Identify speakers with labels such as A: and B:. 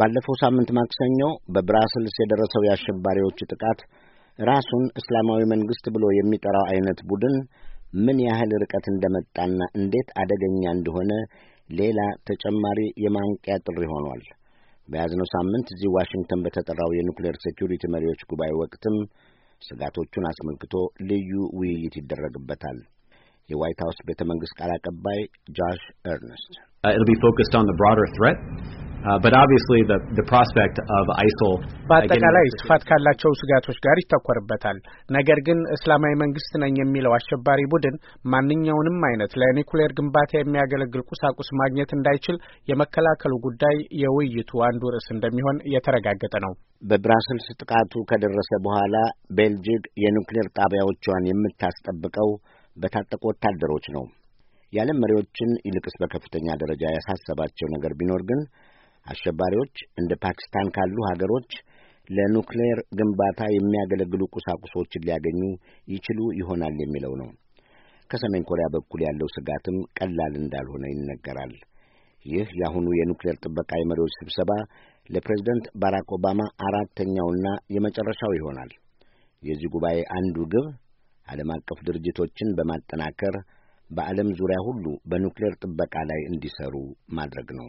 A: ባለፈው ሳምንት ማክሰኞ በብራስልስ የደረሰው የአሸባሪዎች ጥቃት ራሱን እስላማዊ መንግስት ብሎ የሚጠራው አይነት ቡድን ምን ያህል ርቀት እንደመጣና እንዴት አደገኛ እንደሆነ ሌላ ተጨማሪ የማንቂያ ጥሪ ሆኗል። በያዝነው ሳምንት እዚህ ዋሽንግተን በተጠራው የኑክሌር ሴኪሪቲ መሪዎች ጉባኤ ወቅትም ስጋቶቹን አስመልክቶ ልዩ ውይይት ይደረግበታል። የዋይት ሀውስ ቤተ መንግስት
B: ቃል አቀባይ ጆሽ ኤርነስት uh, Uh, በአጠቃላይ
C: ስፋት ካላቸው ስጋቶች ጋር ይተኮርበታል። ነገር ግን እስላማዊ መንግስት ነኝ የሚለው አሸባሪ ቡድን ማንኛውንም አይነት ለኒኩሌር ግንባታ የሚያገለግል ቁሳቁስ ማግኘት እንዳይችል የመከላከሉ ጉዳይ የውይይቱ አንዱ ርዕስ እንደሚሆን የተረጋገጠ ነው።
A: በብራስልስ ጥቃቱ ከደረሰ በኋላ ቤልጅግ የኒኩሌር ጣቢያዎቿን የምታስጠብቀው በታጠቁ ወታደሮች ነው። የዓለም መሪዎችን ይልቅስ በከፍተኛ ደረጃ ያሳሰባቸው ነገር ቢኖር ግን አሸባሪዎች እንደ ፓኪስታን ካሉ ሀገሮች ለኑክሌር ግንባታ የሚያገለግሉ ቁሳቁሶችን ሊያገኙ ይችሉ ይሆናል የሚለው ነው። ከሰሜን ኮሪያ በኩል ያለው ስጋትም ቀላል እንዳልሆነ ይነገራል። ይህ የአሁኑ የኑክሌር ጥበቃ የመሪዎች ስብሰባ ለፕሬዝደንት ባራክ ኦባማ አራተኛውና የመጨረሻው ይሆናል። የዚህ ጉባኤ አንዱ ግብ ዓለም አቀፍ ድርጅቶችን በማጠናከር በዓለም ዙሪያ ሁሉ በኑክሌር ጥበቃ ላይ እንዲሰሩ ማድረግ ነው።